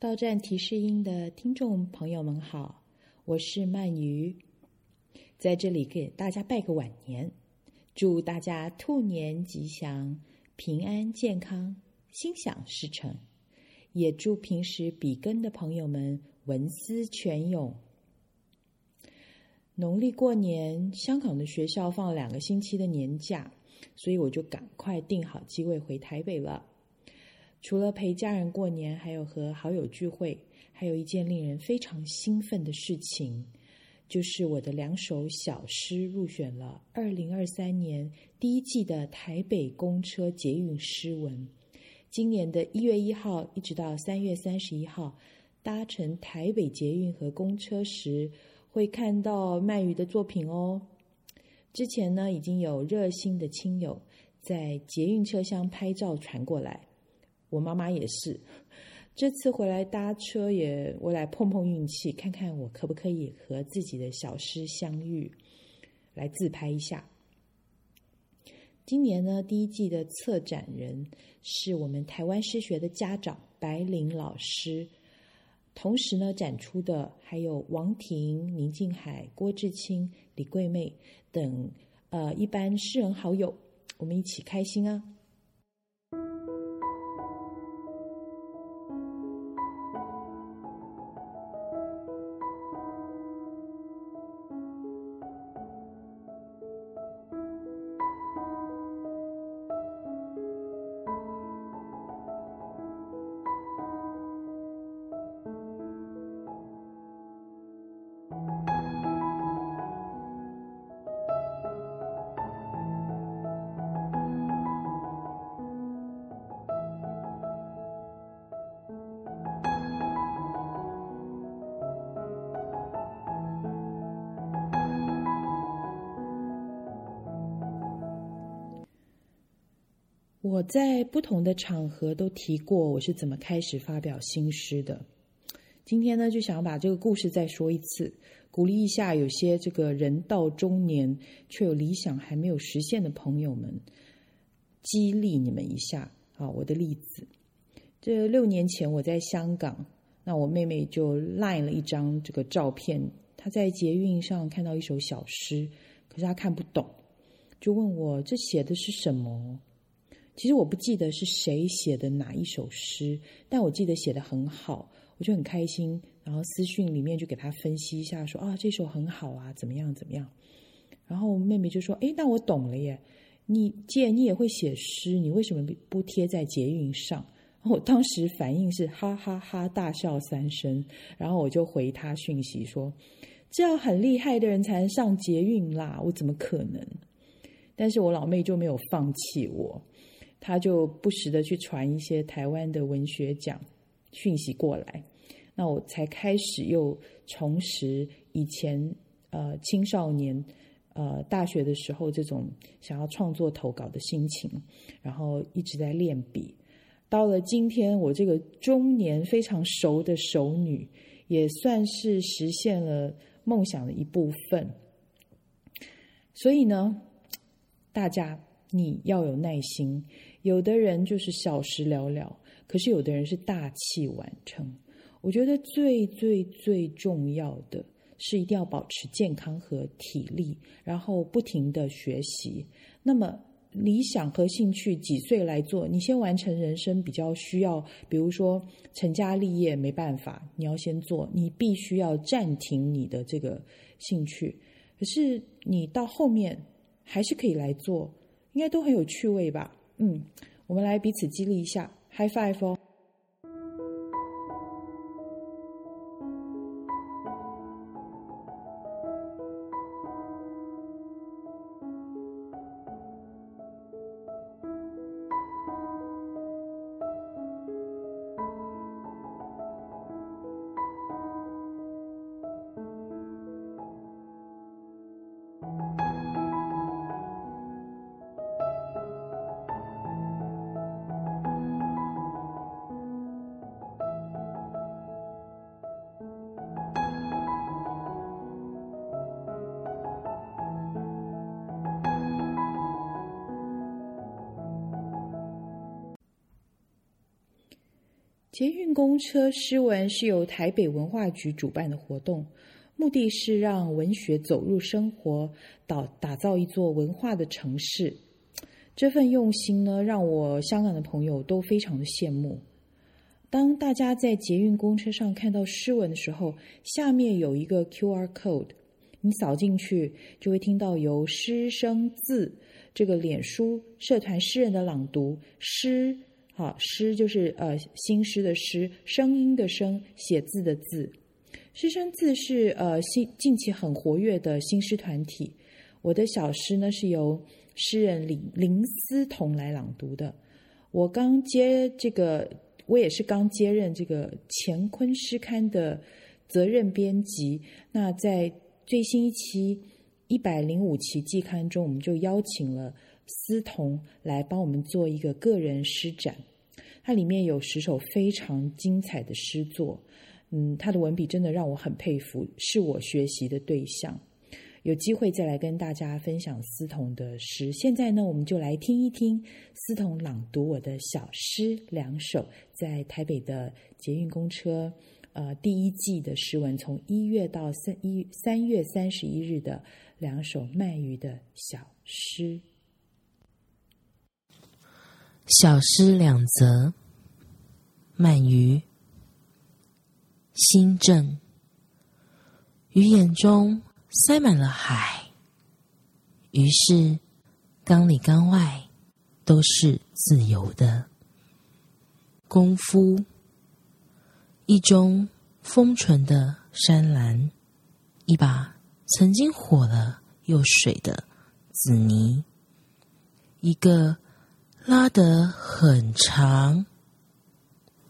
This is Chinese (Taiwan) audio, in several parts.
到站提示音的聽眾朋友們好，我是漫漁，在這裡給大家拜個晚年，祝大家兔年吉祥、平安、健康、心想事成，也祝平時筆耕的朋友們文思泉湧。農曆過年，香港的學校放了兩個星期的年假，所以我就趕快訂好機位回台北了。除了陪家人過年，還有和好友聚會，還有一件令人非常興奮的事情，就是我的兩首小詩入選了二零二三年第一季的台北公車捷運詩文。今年的一月一號一直到三月三十一號，搭乘台北捷運和公車時，會看到漫漁的作品哦。之前呢，已經有熱心的親友在捷運車廂拍照傳過來。我媽媽也是，這次回來搭車也，我來碰碰運氣，看看我可不可以和自己的小詩相遇，來自拍一下。今年呢，第一季的策展人是我們台灣詩學的家長白靈老師，同時呢，展出的還有王婷、寧靜海、郭志清、李桂媚等呃一般詩人好友，我們一起開心啊！我在不同的場合都提過我是怎麼開始發表新詩的。今天呢，就想把這個故事再說一次，鼓勵一下有些這個人到中年卻有理想還沒有實現的朋友們，激勵你們一下。好，我的例子，這六年前我在香港，那我妹妹就 line 了一張這個照片，她在捷運上看到一首小詩，可是她看不懂，就問我這寫的是什麼？其實我不記得是誰寫的哪一首詩，但我記得寫得很好，我就很開心。然後私訊裡面就給他分析一下說，說啊這首很好啊，怎麼樣怎麼樣。然後妹妹就說：“哎，那我懂了耶！你既然你也會寫詩，你為什麼不貼在捷運上？”然後我當時反應是哈哈哈哈，大笑三聲，然後我就回他訊息說：“這樣很厲害的人才能上捷運啦，我怎麼可能？”但是我老妹就沒有放棄我。他就不時的去傳一些台灣的文學獎訊息過來，那我才開始又重拾以前呃青少年呃大學的時候這種想要創作投稿的心情，然後一直在練筆，到了今天我這個中年非常熟的熟女，也算是實現了夢想的一部分。所以呢，大家你要有耐心。有的人就是小時了了，可是有的人是大器晚成。我覺得最最最重要的，是一定要保持健康和體力，然後不停地學習。那麼理想和興趣幾歲來做？你先完成人生比較需要，比如說成家立業，沒辦法，你要先做，你必須要暫停你的這個興趣。可是你到後面還是可以來做，應該都很有趣味吧。嗯，我們來彼此激勵一下，high five 哦。捷運公車詩文是由台北文化局主辦的活動，目的是讓文學走入生活打，打造一座文化的城市。這份用心呢，讓我香港的朋友都非常的羨慕。當大家在捷運公車上看到詩文的時候，下面有一個 QR code，你掃進去就會聽到由詩聲字這個臉書社團詩人的朗讀詩。好，詩就是呃新詩的詩，聲音的聲，寫字的字。詩聲字是呃新近期很活躍的新詩團體。我的小詩呢，是由詩人林林思彤來朗讀的。我剛接這個，我也是剛接任這個《乾坤詩刊》的責任編輯。那在最新一期一百零五期季刊中，我們就邀請了思彤來幫我們做一個個人詩展。它裡面有十首非常精彩的詩作，嗯，他的文筆真的讓我很佩服，是我學習的對象。有機會再來跟大家分享思彤的詩。現在呢，我們就來聽一聽思彤朗讀我的小詩兩首，在台北的捷運公車，呃，第一季的詩文，從一月到三一三月三十一日的兩首漫漁的小詩。小詩兩則。漫漁，心證，魚眼中塞滿了海，於是缸裡缸外都是自由的。功夫，一盅封存的山嵐，一把曾經火了又水的紫泥，一個。拉得很長、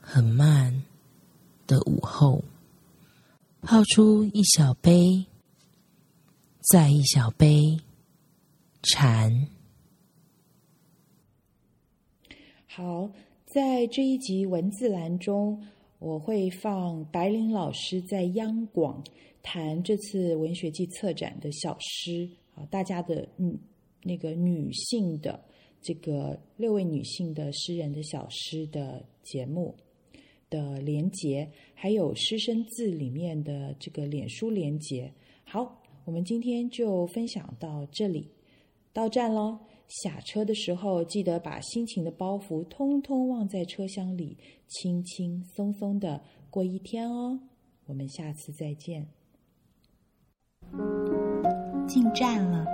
很慢的午後，泡出一小杯，再一小杯，禪。好，在這一集文字欄中，我會放白靈老師在央廣談這次文學季策展的小詩啊，大家的嗯那個女性的。這個六位女性的詩人的小詩的節目的連結，還有《詩聲字》裡面的這個臉書連結。好，我們今天就分享到這裡，到站了。下車的時候記得把心情的包袱通通忘在車廂裡，輕輕鬆鬆的過一天哦。我們下次再見。進站了，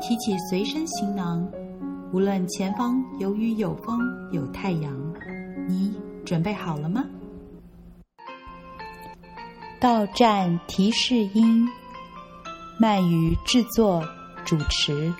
提起隨身行囊。無論前方有雨有風有太陽，你準備好了嗎？到站提示音，漫漁製作主持。